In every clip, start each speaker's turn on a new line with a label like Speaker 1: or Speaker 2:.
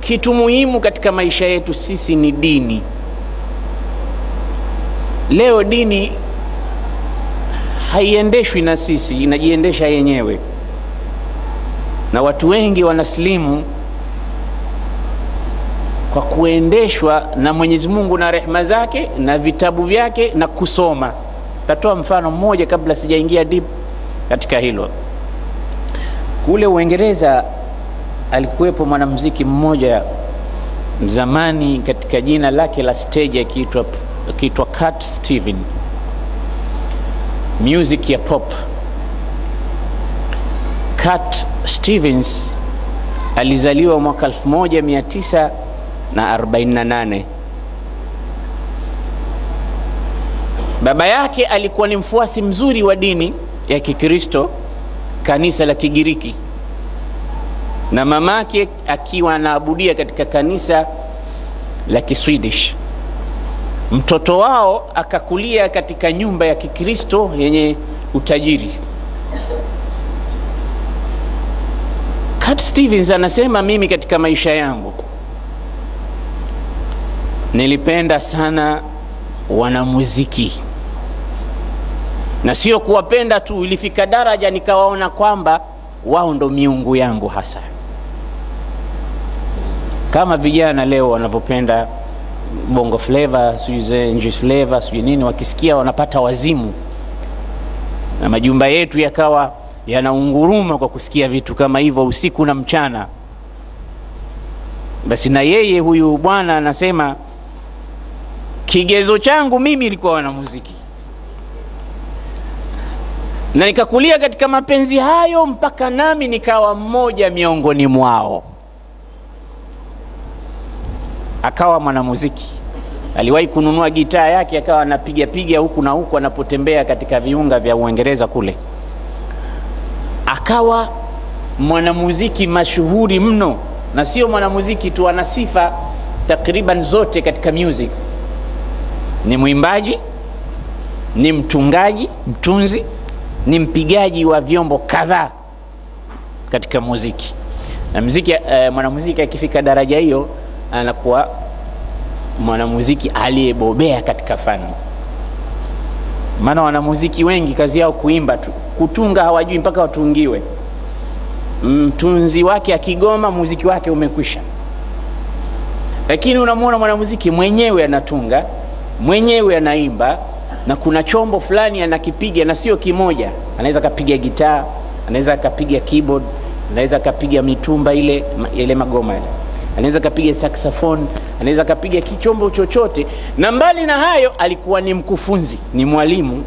Speaker 1: kitu muhimu katika maisha yetu sisi ni dini. Leo dini haiendeshwi na sisi, inajiendesha yenyewe, na watu wengi wanasilimu kwa kuendeshwa na Mwenyezi Mungu na rehema zake na vitabu vyake na kusoma. Tatoa mfano mmoja kabla sijaingia deep katika hilo. Kule Uingereza alikuwepo mwanamuziki mmoja zamani katika jina lake la stage akiitwa akiitwa Cat Steven, music ya pop. Cat Stevens alizaliwa mwaka 1948. Baba yake alikuwa ni mfuasi mzuri wa dini ya Kikristo, kanisa la Kigiriki na mamake akiwa anaabudia katika kanisa la Kiswedish. Mtoto wao akakulia katika nyumba ya Kikristo yenye utajiri. Cat Stevens anasema, mimi katika maisha yangu nilipenda sana wanamuziki na sio kuwapenda tu, ilifika daraja nikawaona kwamba wao ndo miungu yangu hasa kama vijana leo wanavyopenda bongo flavor, sijui nji flavor, sijui nini, wakisikia wanapata wazimu, na majumba yetu yakawa yanaunguruma kwa kusikia vitu kama hivyo usiku na mchana. Basi na yeye huyu bwana anasema kigezo changu mimi ilikuwa wanamuziki, na nikakulia katika mapenzi hayo mpaka nami nikawa mmoja miongoni mwao akawa mwanamuziki. Aliwahi kununua gitaa yake akawa anapiga piga huku na huku anapotembea katika viunga vya Uingereza kule, akawa mwanamuziki mashuhuri mno, na sio mwanamuziki tu, ana sifa takriban zote katika music. Ni mwimbaji, ni mtungaji, mtunzi, ni mpigaji wa vyombo kadhaa katika muziki na muziki. Eh, mwanamuziki akifika daraja hiyo anakuwa mwanamuziki aliyebobea katika fani. Maana wanamuziki wengi kazi yao kuimba tu, kutunga hawajui mpaka watungiwe. Mtunzi wake akigoma, muziki wake umekwisha. Lakini unamwona mwanamuziki mwenyewe anatunga, mwenyewe anaimba, na kuna chombo fulani anakipiga, na sio kimoja. Anaweza kapiga gitaa, anaweza kapiga keyboard, anaweza kapiga mitumba ile ile magoma ile anaweza akapiga saxophone, anaweza kapiga kichombo chochote. Na mbali na hayo, alikuwa ni mkufunzi, ni mwalimu.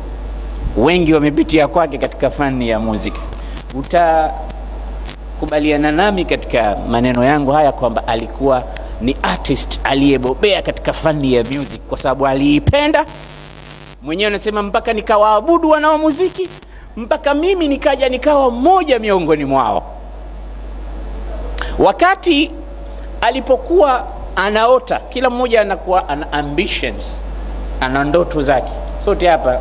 Speaker 1: Wengi wamepitia kwake katika fani ya muziki. Utakubaliana nami katika maneno yangu haya kwamba alikuwa ni artist aliyebobea katika fani ya music, kwa sababu aliipenda mwenyewe. Anasema mpaka nikawaabudu wanao muziki, mpaka mimi nikaja nikawa mmoja miongoni mwao wakati alipokuwa anaota, kila mmoja anakuwa ana ambitions, ana ndoto zake. Sote hapa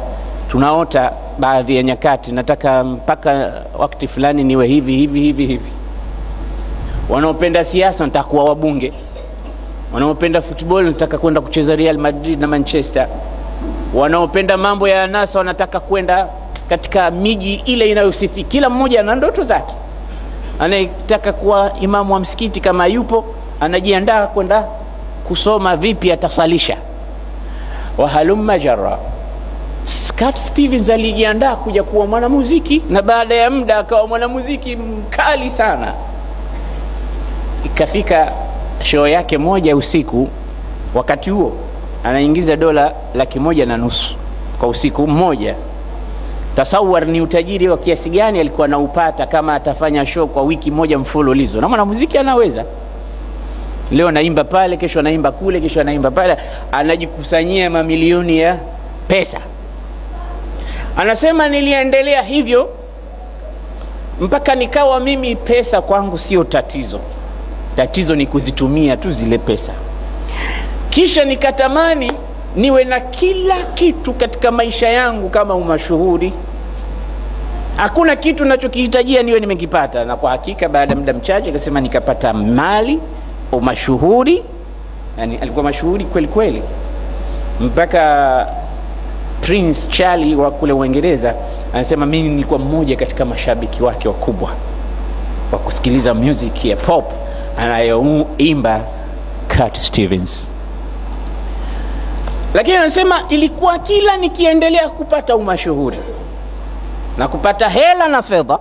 Speaker 1: tunaota baadhi ya nyakati, nataka mpaka wakati fulani niwe hivi hivi hivi hivi. Wanaopenda siasa nataka kuwa wabunge, wanaopenda football nataka kwenda kucheza Real Madrid na Manchester, wanaopenda mambo ya nasa wanataka kwenda katika miji ile inayosifi. Kila mmoja ana ndoto zake, anayetaka kuwa imamu wa msikiti kama yupo anajiandaa kwenda kusoma vipi atasalisha halumma jara Scott Stevens alijiandaa kuja kuwa mwanamuziki na baada ya muda akawa mwanamuziki mkali sana. Ikafika show yake moja usiku, wakati huo anaingiza dola laki moja na nusu kwa usiku mmoja. Tasawar ni utajiri wa kiasi gani alikuwa anaupata kama atafanya show kwa wiki moja mfululizo, na mwanamuziki anaweza leo anaimba pale, kesho anaimba kule, kesho anaimba pale, anajikusanyia mamilioni ya pesa. Anasema niliendelea hivyo mpaka nikawa mimi pesa kwangu sio tatizo, tatizo ni kuzitumia tu zile pesa. Kisha nikatamani niwe na kila kitu katika maisha yangu kama umashuhuri. Hakuna kitu nachokihitajia niwe nimekipata, na kwa hakika baada ya muda mchache akasema nikapata mali umashuhuri yani alikuwa mashuhuri kweli kweli mpaka Prince Charlie wa kule Uingereza anasema mimi nilikuwa mmoja katika mashabiki wake wakubwa wa kusikiliza music ya pop anayoimba Cat Stevens, lakini anasema ilikuwa kila nikiendelea kupata umashuhuri na kupata hela na fedha,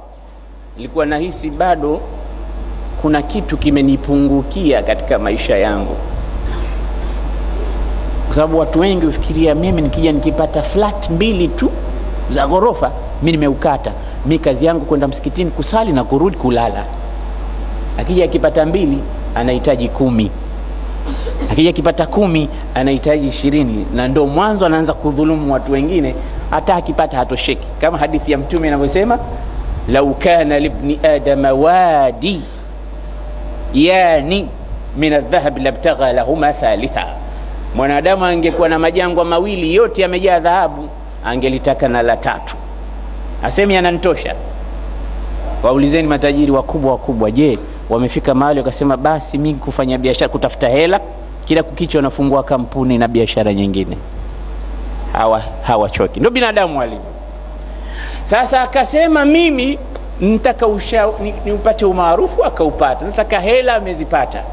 Speaker 1: ilikuwa nahisi bado kuna kitu kimenipungukia katika maisha yangu, kwa sababu watu wengi hufikiria mimi nikija nikipata flat mbili tu za ghorofa mi nimeukata, mi kazi yangu kwenda msikitini kusali na kurudi kulala. Akija akipata mbili anahitaji kumi, akija akipata kumi anahitaji ishirini, na ndo mwanzo anaanza kudhulumu watu wengine, hata akipata hatosheki, kama hadithi ya Mtume inavyosema, lau kana libni adama wadi yani min aldhahab labtagha lahuma thalitha, mwanadamu angekuwa na majangwa mawili yote yamejaa dhahabu, angelitaka na la tatu. Asemi ananitosha. Waulizeni matajiri wakubwa wakubwa, je, wamefika mahali wakasema basi mi kufanya biashara, kutafuta hela, kila kukicha wanafungua kampuni na biashara nyingine, hawachoki. ndio binadamu walivyo. Sasa akasema mimi nataka niupate ni umaarufu akaupata, nataka hela amezipata.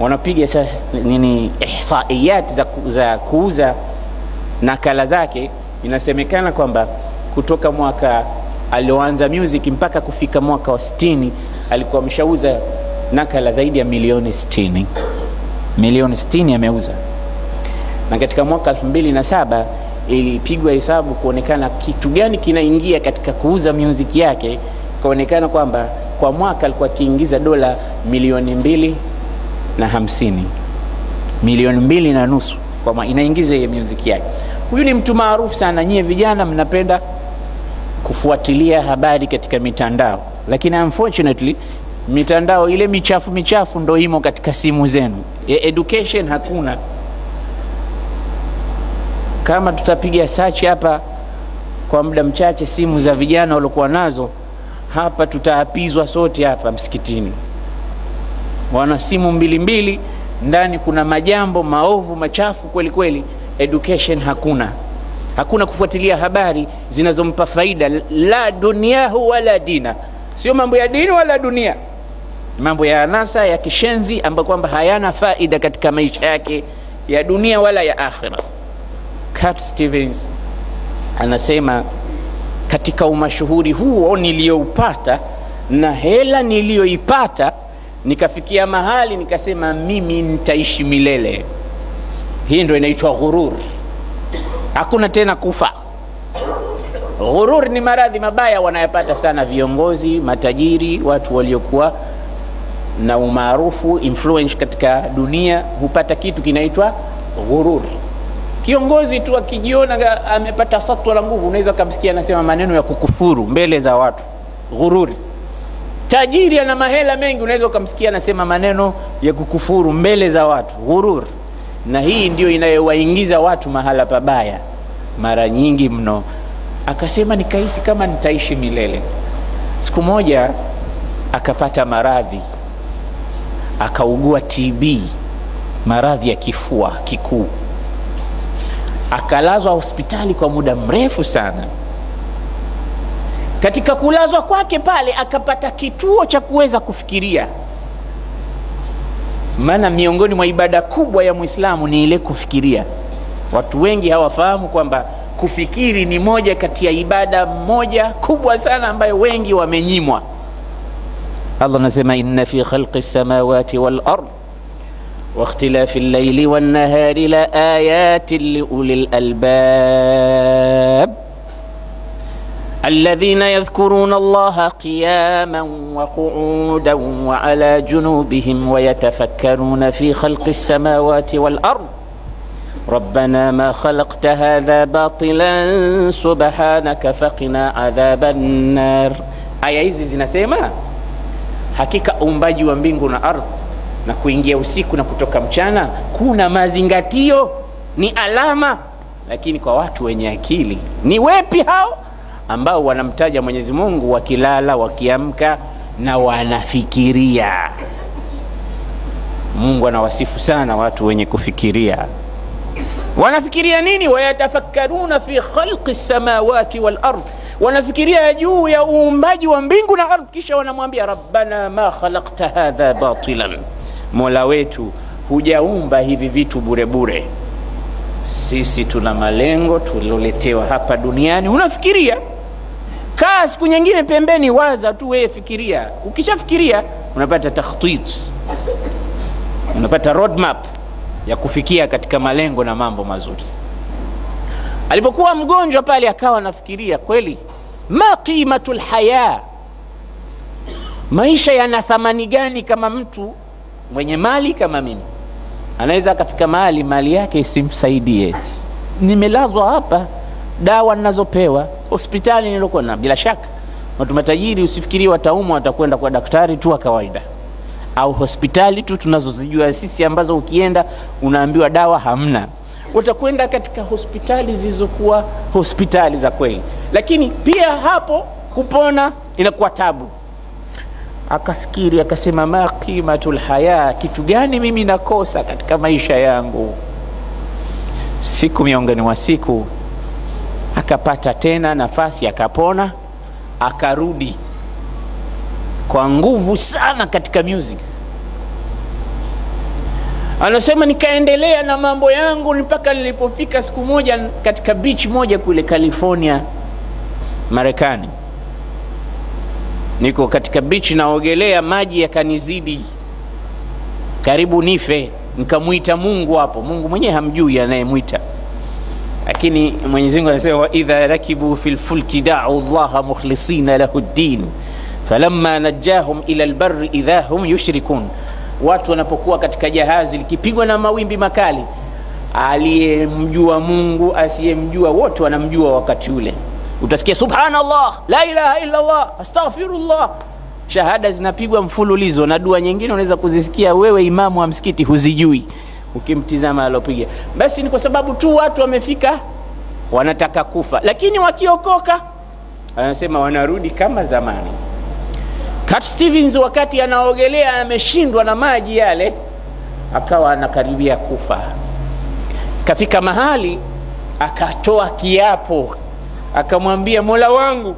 Speaker 1: Wanapiga sasa nini ihsaiyat za, za kuuza nakala zake. Inasemekana kwamba kutoka mwaka alioanza music mpaka kufika mwaka wa 60 alikuwa ameshauza nakala zaidi ya milioni 60, milioni 60 ameuza, na katika mwaka saba ilipigwa hesabu kuonekana kitu gani kinaingia katika kuuza music yake Ikaonekana kwamba kwa mwaka alikuwa akiingiza dola milioni mbili na hamsini, milioni mbili na nusu kwa mwaka inaingiza hiyo muziki yake. Huyu ni mtu maarufu sana. Nyie vijana mnapenda kufuatilia habari katika mitandao, lakini unfortunately mitandao ile michafu michafu ndo imo katika simu zenu. E, education hakuna. Kama tutapiga search hapa kwa muda mchache, simu za vijana waliokuwa nazo hapa tutaapizwa sote hapa msikitini. Wana simu mbili mbili, ndani kuna majambo maovu machafu kweli kweli. Education hakuna, hakuna kufuatilia habari zinazompa faida la duniahu wala dina, sio mambo ya dini wala dunia, mambo ya anasa ya kishenzi ambayo kwamba hayana faida katika maisha yake ya dunia wala ya akhira. Cat Stevens anasema katika umashuhuri huo niliyoupata na hela niliyoipata, nikafikia mahali nikasema mimi nitaishi milele. Hii ndio inaitwa ghurur. Hakuna tena kufa. Ghurur ni maradhi mabaya wanayapata sana viongozi, matajiri, watu waliokuwa na umaarufu influence katika dunia hupata kitu kinaitwa ghururi Kiongozi tu akijiona amepata satwa la nguvu, unaweza ukamsikia anasema maneno ya kukufuru mbele za watu, ghururi. Tajiri ana mahela mengi, unaweza ukamsikia anasema maneno ya kukufuru mbele za watu, ghururi. Na hii ndio inayowaingiza watu mahala pabaya mara nyingi mno. Akasema nikahisi kama nitaishi milele. Siku moja akapata maradhi, akaugua TB, maradhi ya kifua kikuu akalazwa hospitali kwa muda mrefu sana. Katika kulazwa kwake pale, akapata kituo cha kuweza kufikiria, maana miongoni mwa ibada kubwa ya Muislamu ni ile kufikiria. Watu wengi hawafahamu kwamba kufikiri ni moja kati ya ibada moja kubwa sana ambayo wengi wamenyimwa. Allah anasema inna fi khalqi samawati wal ardh واختلاف الليل والنهار لآيات لأولي الألباب الذين يذكرون الله قياما وقعودا وعلى جنوبهم ويتفكرون في خلق السماوات والأرض ربنا ما خلقت هذا باطلا سبحانك فقنا عذاب النار aya hizi zinasema حقيقة أمباجي ومبينغونا أرض na kuingia usiku na kutoka mchana kuna mazingatio, ni alama. Lakini kwa watu wenye akili ni wepi hao ambao wanamtaja Mwenyezi Mungu wakilala, wakiamka na wanafikiria. Mungu anawasifu sana watu wenye kufikiria. Wanafikiria nini? wayatafakkaruna fi khalqi samawati wal ardh, wanafikiria juu ya uumbaji wa mbingu na ardhi, kisha wanamwambia rabbana ma khalaqta hadha batilan Mola wetu, hujaumba hivi vitu burebure bure. Sisi tuna malengo tulioletewa hapa duniani. Unafikiria, kaa siku nyingine pembeni, waza tu wewe, fikiria. Ukishafikiria unapata takhtit, unapata roadmap ya kufikia katika malengo na mambo mazuri. Alipokuwa mgonjwa pale, akawa anafikiria kweli, ma qimatul haya, maisha yana thamani gani kama mtu mwenye mali kama mimi anaweza akafika mahali mali yake isimsaidie. Nimelazwa hapa, dawa ninazopewa hospitali niliko na, bila shaka watu matajiri, usifikiri wataumwa watakwenda kwa daktari tu wa kawaida au hospitali tu tunazozijua sisi ambazo ukienda unaambiwa dawa hamna. Watakwenda katika hospitali zilizokuwa hospitali za kweli, lakini pia hapo kupona inakuwa tabu. Akafikiri akasema, ma qimatul haya, kitu gani mimi nakosa katika maisha yangu? Siku miongoni mwa siku akapata tena nafasi, akapona, akarudi kwa nguvu sana katika music. Anasema nikaendelea na mambo yangu mpaka nilipofika siku moja katika beach moja kule California, Marekani niko katika bichi naogelea, maji yakanizidi karibu nife, nikamwita Mungu hapo. Mungu mwenyewe hamjui anayemwita, lakini Mwenyezi Mungu anasema wa idha rakibu fil fulki da'u Allaha mukhlisina lahu ddin falamma najahum ila albarri idha hum yushrikun, watu wanapokuwa katika jahazi likipigwa na mawimbi makali, aliyemjua Mungu asiyemjua wote wanamjua wakati ule utasikia subhanallah, la ilaha illa Allah, astaghfirullah. Shahada zinapigwa mfululizo na dua nyingine unaweza kuzisikia wewe, imamu wa msikiti huzijui, ukimtizama alopiga. Basi ni kwa sababu tu watu wamefika, wanataka kufa, lakini wakiokoka anasema wanarudi kama zamani. Kat Stevens wakati anaogelea ameshindwa na maji yale, akawa anakaribia kufa, kafika mahali akatoa kiapo akamwambia mola wangu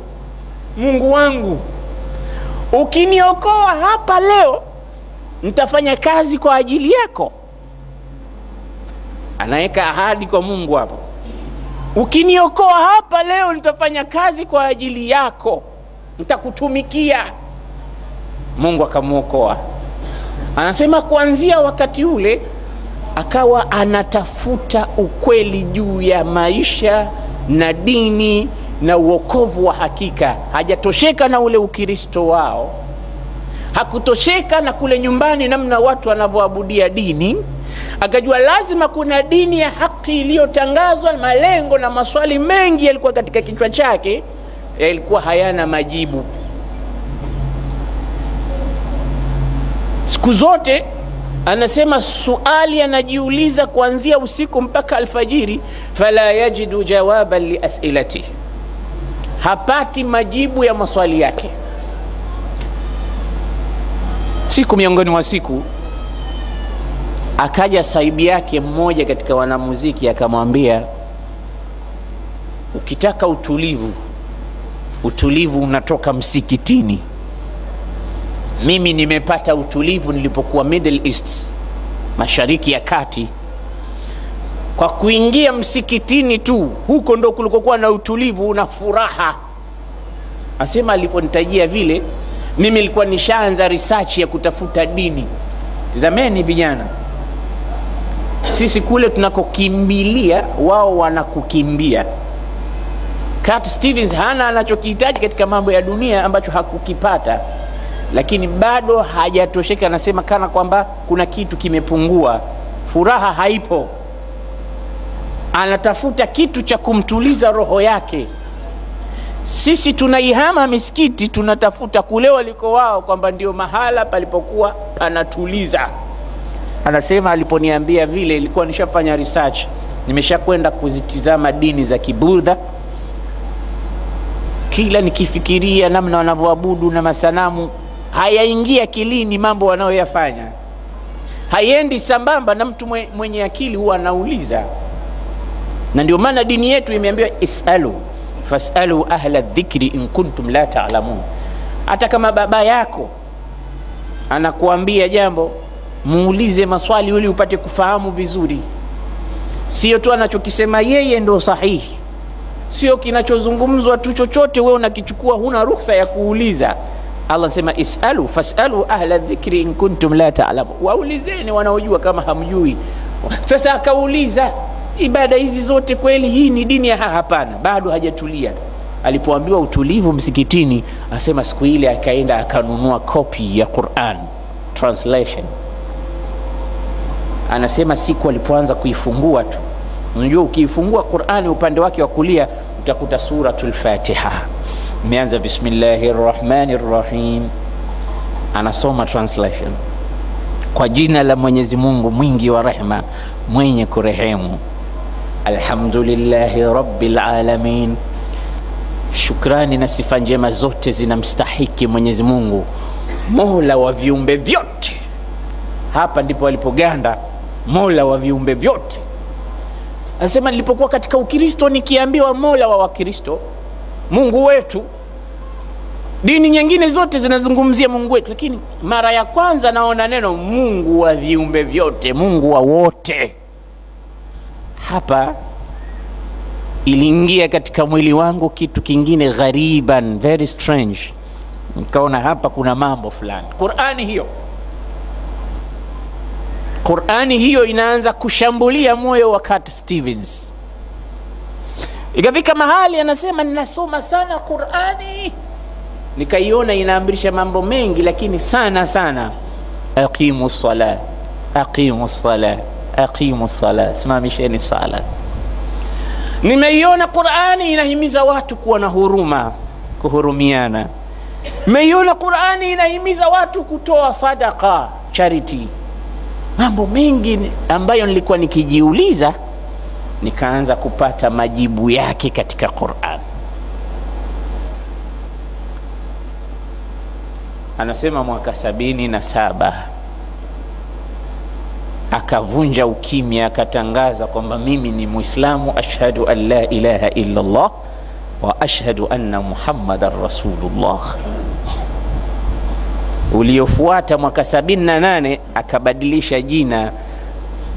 Speaker 1: mungu wangu ukiniokoa hapa leo nitafanya kazi kwa ajili yako anaweka ahadi kwa mungu hapo ukiniokoa hapa leo nitafanya kazi kwa ajili yako nitakutumikia mungu akamwokoa anasema kuanzia wakati ule akawa anatafuta ukweli juu ya maisha na dini na uokovu wa hakika. Hajatosheka na ule Ukristo wao, hakutosheka na kule nyumbani namna watu wanavyoabudia dini. Akajua lazima kuna dini ya haki iliyotangazwa. Malengo na maswali mengi yalikuwa katika kichwa chake, yalikuwa hayana majibu siku zote anasema suali anajiuliza kuanzia usiku mpaka alfajiri, fala yajidu jawaban liasilatihi, hapati majibu ya maswali yake. Siku miongoni mwa siku akaja saibi yake mmoja katika wanamuziki akamwambia, ukitaka utulivu, utulivu unatoka msikitini. Mimi nimepata utulivu nilipokuwa Middle East, Mashariki ya Kati. Kwa kuingia msikitini tu huko ndo kulikokuwa na utulivu na furaha. Asema aliponitajia vile, mimi nilikuwa nishaanza research ya kutafuta dini. Tazameni vijana, sisi kule tunakokimbilia wao wanakukimbia. Kat Stevens hana anachokihitaji katika mambo ya dunia ambacho hakukipata lakini bado hajatosheka, anasema kana kwamba kuna kitu kimepungua, furaha haipo. Anatafuta kitu cha kumtuliza roho yake. Sisi tunaihama misikiti, tunatafuta kule waliko wao, kwamba ndio mahala palipokuwa panatuliza. Anasema aliponiambia vile, ilikuwa nishafanya research, nimeshakwenda kuzitizama dini za Kibudha kila nikifikiria namna wanavyoabudu na masanamu hayaingia akilini mambo wanayoyafanya, haiendi sambamba na mtu mwenye akili, huwa anauliza. Na ndio maana dini yetu imeambiwa isalu fasalu ahla dhikri in kuntum la taalamun. Hata kama baba yako anakuambia jambo, muulize maswali ili upate kufahamu vizuri, sio tu anachokisema yeye ndo sahihi, sio kinachozungumzwa tu, chochote wewe unakichukua, huna ruksa ya kuuliza. Allah anasema isalu fasalu ahla dhikri in kuntum la taalamu, waulizeni wanaojua kama hamjui. Sasa akauliza ibada hizi zote kweli hii ni dini ya? Hapana, bado hajatulia. Alipoambiwa utulivu msikitini, asema siku ile akaenda akanunua kopi ya Quran translation. Anasema siku alipoanza kuifungua tu, unajua ukiifungua Qurani upande wake wa kulia utakuta suratul Fatiha Umeanza bismillahi rahmani rahim, anasoma translation kwa jina la Mwenyezi Mungu mwingi wa rehma mwenye kurehemu. Alhamdulillahi rabbil alamin, shukrani na sifa njema zote zinamstahiki Mwenyezi Mungu, mola wa viumbe vyote. Hapa ndipo alipoganda mola wa viumbe vyote. Anasema nilipokuwa katika Ukristo nikiambiwa mola wa Wakristo Mungu wetu. Dini nyingine zote zinazungumzia Mungu wetu, lakini mara ya kwanza naona neno Mungu wa viumbe vyote, Mungu wa wote. Hapa iliingia katika mwili wangu kitu kingine ghariban, very strange. Nikaona hapa kuna mambo fulani. Qur'ani hiyo Qur'ani hiyo inaanza kushambulia moyo wa Cat Stevens. Ikafika mahali anasema ninasoma sana Qur'ani, nikaiona inaamrisha mambo mengi, lakini sana sana, aqimu sala, aqimu sala, aqimu sala, simamisheni sala. Nimeiona Qur'ani inahimiza watu kuwa na huruma, kuhurumiana. Nimeiona Qur'ani inahimiza watu kutoa sadaka, charity. Mambo mengi ambayo nilikuwa nikijiuliza nikaanza kupata majibu yake katika Qur'an. Anasema mwaka sabini na saba akavunja ukimya, akatangaza kwamba mimi ni Muislamu, ashhadu an la ilaha illa Allah wa ashhadu anna Muhammadan rasulullah. Uliofuata mwaka sabini na nane akabadilisha jina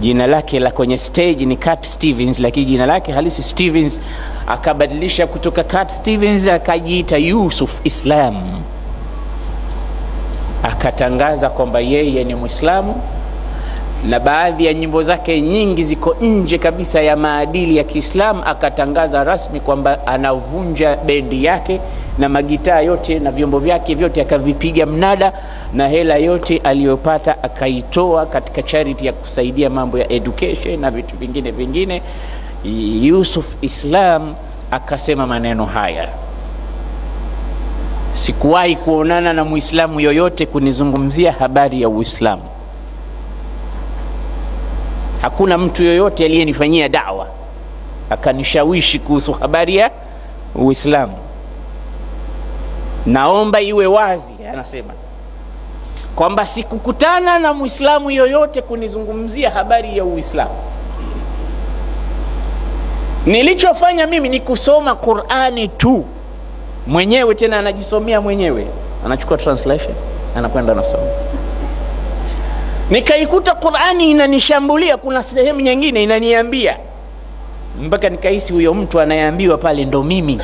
Speaker 1: jina lake la kwenye stage ni Cat Stevens, lakini jina lake halisi Stevens, akabadilisha kutoka Cat Stevens akajiita Yusuf Islam, akatangaza kwamba yeye ni Mwislamu na baadhi ya nyimbo zake nyingi ziko nje kabisa ya maadili ya Kiislamu. Akatangaza rasmi kwamba anavunja bendi yake na magitaa yote na vyombo vyake vyote akavipiga mnada, na hela yote aliyopata akaitoa katika charity ya kusaidia mambo ya education na vitu vingine vingine. Yusuf Islam akasema maneno haya: sikuwahi kuonana na Muislamu yoyote kunizungumzia habari ya Uislamu. Hakuna mtu yoyote aliyenifanyia dawa akanishawishi kuhusu habari ya Uislamu naomba iwe wazi, anasema kwamba sikukutana na Muislamu yoyote kunizungumzia habari ya Uislamu. Nilichofanya mimi ni kusoma Qur'ani tu mwenyewe, tena anajisomea mwenyewe, anachukua translation, anakwenda anasoma. Nikaikuta Qur'ani inanishambulia, kuna sehemu nyingine inaniambia, mpaka nikahisi huyo mtu anayeambiwa pale ndo mimi.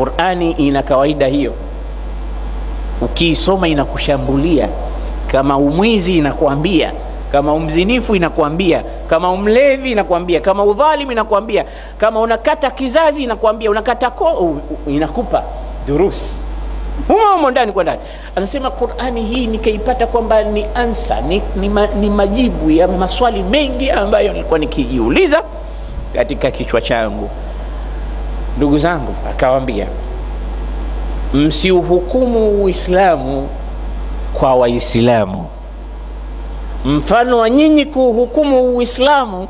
Speaker 1: Qur'ani ina kawaida hiyo, ukiisoma inakushambulia. Kama umwizi inakuambia, kama umzinifu inakuambia, kama umlevi inakuambia, kama udhalimu inakuambia, kama unakata kizazi inakuambia, unakata ko, inakupa durusi humo humo ndani kwa ndani. Anasema Qur'ani hii nikaipata kwamba ni ansa ni, ni, ma, ni majibu ya maswali mengi ambayo nilikuwa nikijiuliza katika kichwa changu ndugu zangu, akawaambia msiuhukumu Uislamu kwa Waislamu, mfano wa nyinyi kuuhukumu Uislamu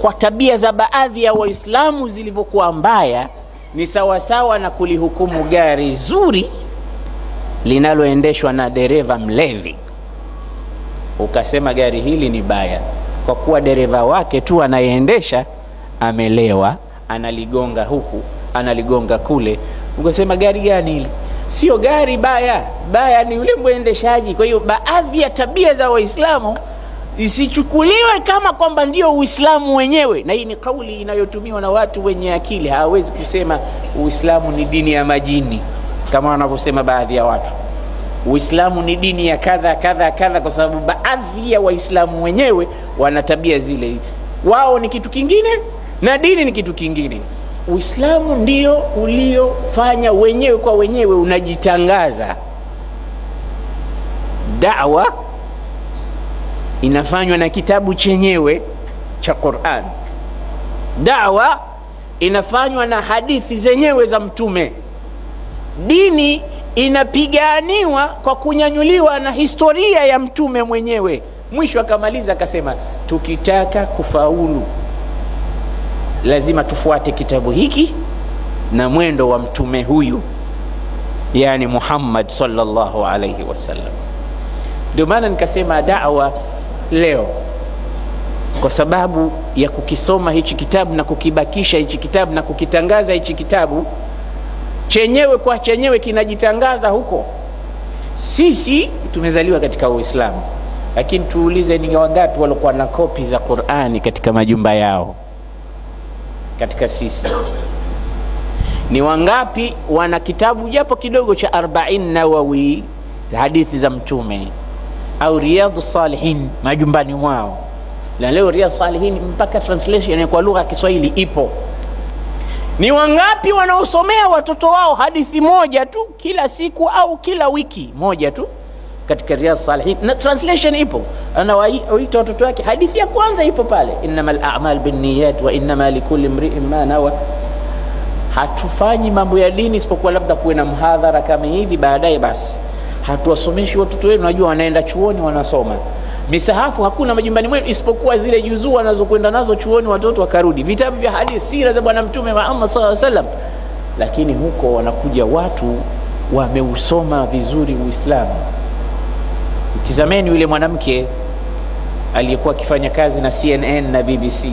Speaker 1: kwa tabia za baadhi ya Waislamu zilivyokuwa mbaya ni sawasawa na kulihukumu gari zuri linaloendeshwa na dereva mlevi, ukasema gari hili ni baya kwa kuwa dereva wake tu anayeendesha amelewa analigonga huku analigonga kule, ukasema gari gani hili? Sio gari baya, baya ni yule mwendeshaji. Kwa hiyo baadhi ya tabia za Waislamu isichukuliwe kama kwamba ndio Uislamu wenyewe, na hii ni kauli inayotumiwa na watu wenye akili. Hawawezi kusema Uislamu ni dini ya majini kama wanavyosema baadhi ya watu, Uislamu ni dini ya kadha kadha kadha, kwa sababu baadhi ya Waislamu wenyewe wana tabia zile, wao ni kitu kingine na dini ni kitu kingine. Uislamu ndio uliofanya wenyewe kwa wenyewe, unajitangaza. Dawa inafanywa na kitabu chenyewe cha Qur'an. Dawa inafanywa na hadithi zenyewe za Mtume. Dini inapiganiwa kwa kunyanyuliwa na historia ya Mtume mwenyewe. Mwisho akamaliza akasema, tukitaka kufaulu lazima tufuate kitabu hiki na mwendo wa mtume huyu, yani Muhammad sallallahu alayhi wasallam. Ndio maana nikasema dawa leo, kwa sababu ya kukisoma hichi kitabu na kukibakisha hichi kitabu na kukitangaza hichi kitabu chenyewe kwa chenyewe kinajitangaza huko. Sisi tumezaliwa katika Uislamu, lakini tuulize, ni wangapi walikuwa na kopi za Qur'ani katika majumba yao? katika sisi. Ni wangapi wana kitabu japo kidogo cha Arbain Nawawi, hadithi za Mtume au riadhu Salihin majumbani mwao? Na leo Riyadhu Salihin mpaka translation kwa lugha ya Kiswahili ipo. Ni wangapi wanaosomea watoto wao hadithi moja tu kila siku au kila wiki moja tu? katika Riyadh Salihin, na translation ipo, anawaita watoto wake. Hadithi ya kwanza ipo pale, innamal a'mal binniyat wa innama likulli mri'in ma nawa. Hatufanyi mambo ya dini isipokuwa labda kuwe na mhadhara kama hivi, baadaye basi. Hatuwasomeshi watoto wenu, najua wanaenda chuoni wanasoma misahafu hakuna majumbani mwenu isipokuwa zile juzuu wanazokwenda nazo chuoni watoto wakarudi, vitabu vya hadithi, sira za Bwana Mtume Muhammad sallallahu alaihi wasallam. Lakini huko wanakuja watu wameusoma vizuri Uislamu, Mtizameni yule mwanamke aliyekuwa akifanya kazi na CNN na BBC.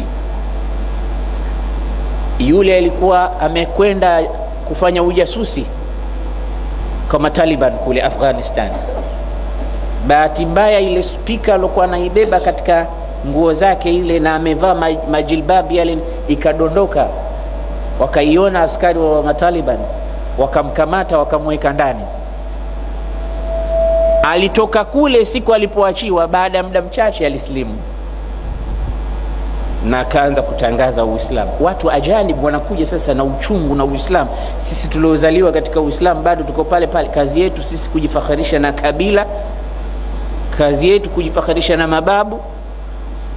Speaker 1: Yule alikuwa amekwenda kufanya ujasusi kwa Mataliban kule Afghanistan. Bahati mbaya ile spika aliokuwa anaibeba katika nguo zake ile na amevaa majilbabi yale ikadondoka, wakaiona askari wa Mataliban, wakamkamata wakamweka ndani. Alitoka kule siku alipoachiwa, baada ya muda mchache alisilimu na akaanza kutangaza Uislamu. Watu ajanibu wanakuja sasa na uchungu na Uislamu. Sisi tuliozaliwa katika Uislamu bado tuko pale pale. Kazi yetu sisi kujifakharisha na kabila, kazi yetu kujifakharisha na mababu,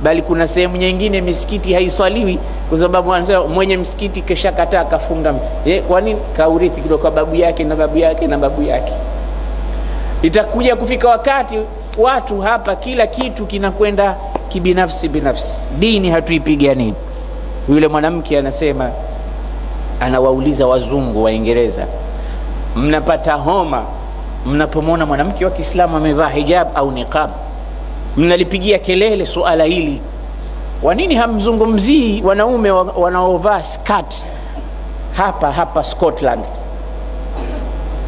Speaker 1: bali kuna sehemu nyingine misikiti haiswaliwi kwa sababu wanasema mwenye msikiti keshakataa kafunga. Eh, kwa nini? Kaurithi kutoka babu yake na babu yake na babu yake. Itakuja kufika wakati watu hapa kila kitu kinakwenda kibinafsi binafsi, dini hatuipiganii Yule mwanamke anasema, anawauliza wazungu Waingereza, mnapata homa mnapomwona mwanamke wa Kiislamu amevaa hijab au niqab? Mnalipigia kelele suala hili, kwa nini hamzungumzii wanaume wanaovaa skirt? Hapa hapa Scotland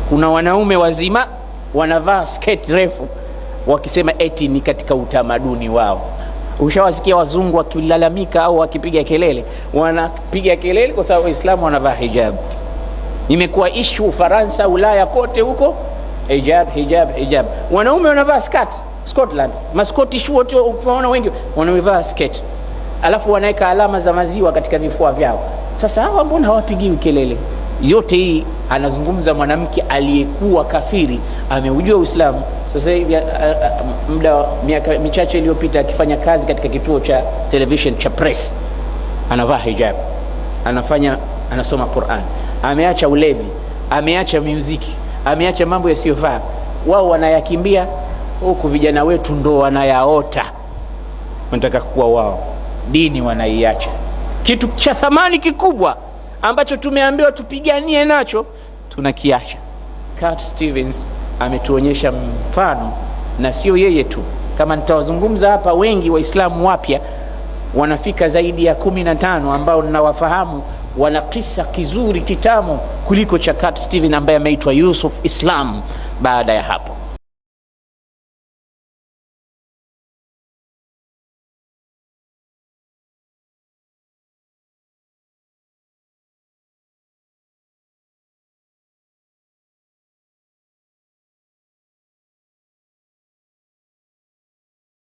Speaker 1: kuna wanaume wazima wanavaa sketi refu wakisema eti ni katika utamaduni wao. Ushawasikia wazungu wakilalamika au wakipiga kelele? Wanapiga kelele kwa sababu Waislamu wanavaa hijab Imekuwa ishu Ufaransa, Ulaya kote huko, hijab hijab hijab. Wanaume wanavaa skati Scotland, maskotish wote ukiwaona wengi wanavaa sketi, alafu wanaweka alama za maziwa katika vifua vyao. Sasa hawa mbona hawapigiwi kelele? Yote hii anazungumza mwanamke aliyekuwa kafiri, ameujua Uislamu. Sasa hivi muda miaka michache iliyopita, akifanya kazi katika kituo cha television cha press, anavaa hijab, anafanya anasoma Qur'an, ameacha ulevi, ameacha muziki, ameacha mambo yasiyofaa. Wao wanayakimbia huku, vijana wetu ndo wanayaota, wanataka kuwa wao, dini wanaiacha, kitu cha thamani kikubwa ambacho tumeambiwa tupiganie nacho tunakiacha. Cat Stevens ametuonyesha mfano, na sio yeye tu. Kama nitawazungumza hapa, wengi Waislamu wapya wanafika zaidi ya kumi na tano ambao ninawafahamu wana kisa kizuri kitamo kuliko cha Cat Stevens ambaye ameitwa Yusuf Islam baada ya hapo.